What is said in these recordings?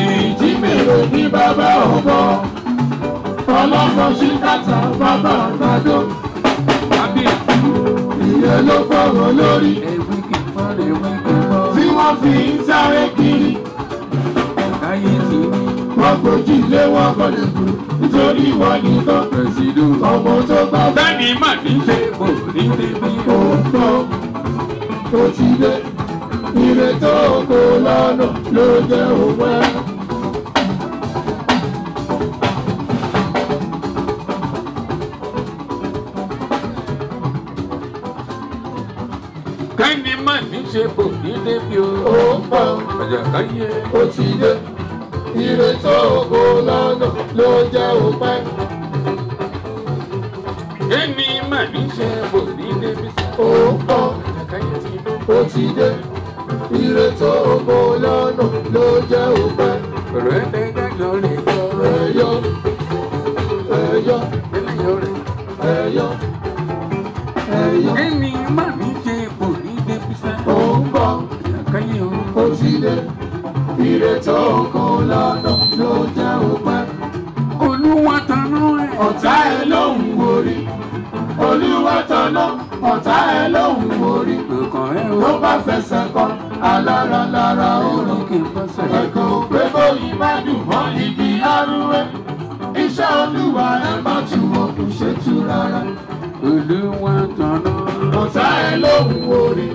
ìjímèrè ní bàbá ọmọ ọlọ́mọ ṣíkàtà bàbá àgbàdo ìyẹn ló fọ̀rọ̀ lórí tí wọ́n fi ń sáré kiri wọ́n gbòjì lé wọ́n kọ́lé kú nítorí wọ́n ní kọ́ pẹ̀sìdù ọmọ tó bá bá ní mà ní ṣe kò ní débi òótọ́ tó ti dé ire tó lọ́nà ló jẹ́ òwe. kẹ́ni má ní ṣe kò ní débi o. ó pọ̀ àjàkáyé. ó ti dé ìrètò ògo lọ́nà ló jẹ́ òpẹ́. kẹ́ni má ní ṣe kò ire tó mú lọ́nà ló jẹ́ òpẹ́. Rẹ́dẹ̀ dẹ́gbẹ̀rún lè yọ. Ẹ̀yọ́ ẹ̀yọ́ ẹ̀yọ́ ẹ̀yọ́. Ẹni máa mi jẹ epo ní Débísẹ́. Ó ń bọ̀. Ìyàkáyé o. Ó ti dé. Ire tó kú lọ́nà ló jẹ́ òpẹ́. Olúwa tanná ẹ̀. Ọ̀tá ẹ̀ ló ń Ló bá fẹsẹ̀ kan alára lára orókè pẹ̀sẹ̀. Èkó pépó yìí má dùn mọ́ ibi arúwé. Iṣẹ́ olúwa ẹ má tù wọ́n kò ṣe tú rárá. Olúwa tọ̀nà. Ọ̀tá ẹ lóhùn orí.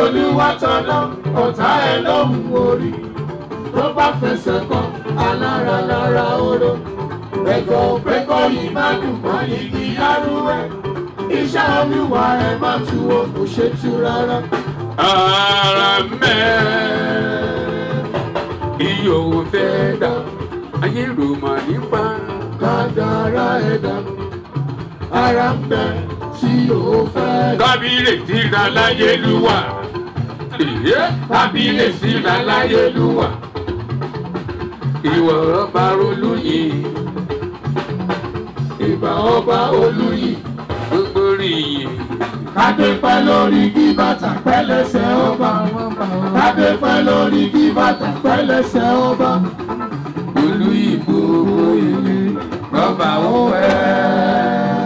Olúwa tọ̀nà. Ọ̀tá ẹ lóhùn orí. Tó bá fẹsẹ̀ kan, alára lára oró. Èkó pépó yìí mọ́ ibi arúwé. Iṣẹ́ olúwa ẹ má tù wọ́n kò ṣe rárá ara mẹ́ ìyòwò fẹ́ dà ayé ròmà nípa kádàrá ẹ̀dá ara mẹ́ tí yóò fẹ́. tábìlì tí ra láyé lúwà tábìlì tí ra láyé lúwà ìwà ọba olúyìn ìbà ọba olúyìn gbogbo rìnyìn kádépẹ́ lórí kí bàtà pẹ́lẹ́sẹ̀ ó bá kádépẹ́ lórí kí bàtà pẹ́lẹ́sẹ̀ ó bá olú ìbò ilé bàbá ó pẹ́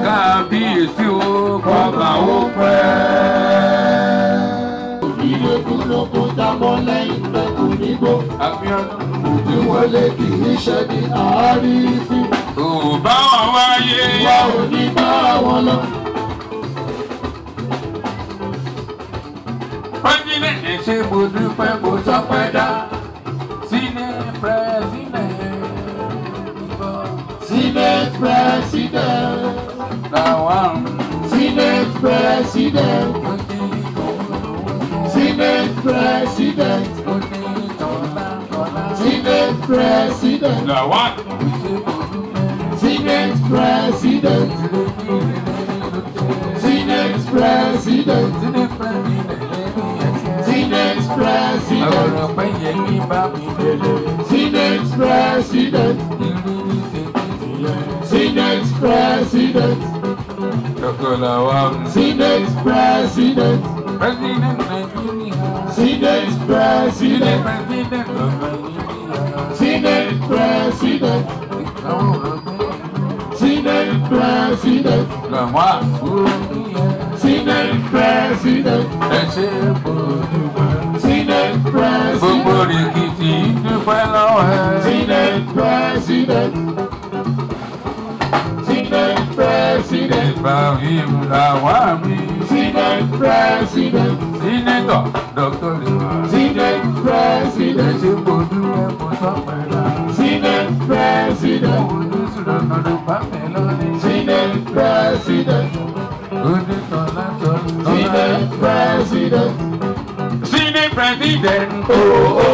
kábíyèsí ó bàbá ó pẹ́. òbílẹ̀ kú ló kó jábọ́ lẹ́yìn mẹ́kù nígbó òbí wọlé kì í ṣe ní àárín fún. ò bá wọn wáyé. wà ò ní bá wọn lọ. ṣe mo dúpẹ́ mo sọpẹ́ dá sílẹ̀ pẹ́sílẹ̀ ìbọn. sílẹ̀ pẹ́sílẹ̀ làwọn. sílẹ̀ pẹ́sílẹ̀ Ọ̀pẹ́yẹmí bá Senate President. Senate President. Senate President. President Senate President. President Senate President. President. Senate President. President. Èkìtì President. lọ́wọ́ President. Sídẹ̀ President. Sídẹ̀ President. Ibrahim President. Sídẹ̀ President. Sínẹ́tọ̀ President. Lewa. President. pẹ́sidẹ̀ntì. President. kò President. ẹ̀kọ́ President.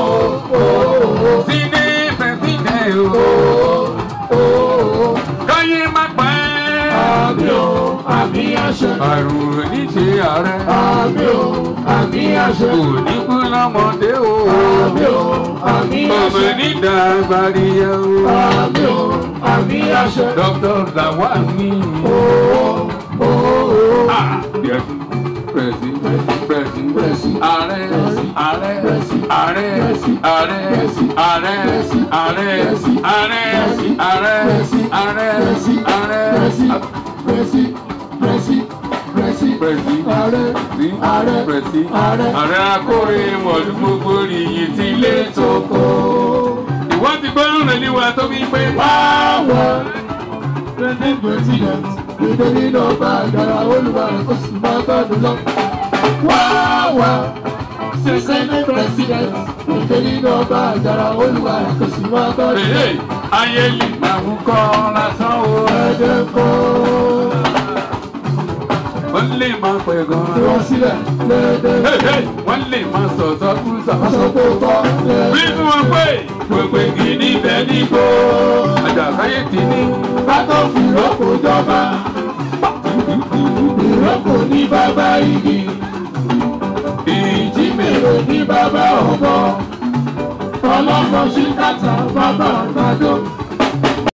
àṣẹ. àrùn ò ní ṣe ààrẹ. àmì ò àmì àṣẹ. kò ní kú lọ́mọdé o. àmì ò àmì àṣẹ. ọmọ nígbà agbárí yẹ o. àmì ò àmì àṣẹ. dókítà làwa ní. owó owó. àdìẹ̀sì pẹ̀sì pẹ̀sì pẹ̀sì. ààrẹ ààrẹ ààrẹ ààrẹ ààrẹ ààrẹ ààrẹ ààrẹ ààrẹ ààrẹ pẹ̀sí sí pẹ̀sí ààrẹ akóre mọ̀lú gbogbo rìyìn tí ilé tókò. ìwọ́n ti gbọ́dọ̀ rẹ̀ níwà tó fi pé wáwọ̀. president president gbèdé nínú ọba àgàrà olùwàrẹ̀ kò sì máa gbádùn lọ. wáwọ̀ president president gbèdé nínú ọba àgàrà olùwàrẹ̀ kò sì máa gbádùn lọ. ayé lè máa ń kọ́ lásán o. ẹ̀ẹ́dẹ́gbọ́n wọ́n lè máa pẹ̀ gan. tí wọ́n sílẹ̀ déédéé. wọ́n lè máa sọ̀tọ̀ kú sàkóso tó tọ́ déédéé. bí wọ́n pè pèpè kì í níbẹ̀ nígbò. àjàkáyé ti ní. bátọ́ fi rọ́pò jọba. ìrọ́pò ní bàbá igi. ìjímèrò ní bàbá ọ̀bọ. ọlọ́mọ ṣíkàtà bàbá àgbàdo.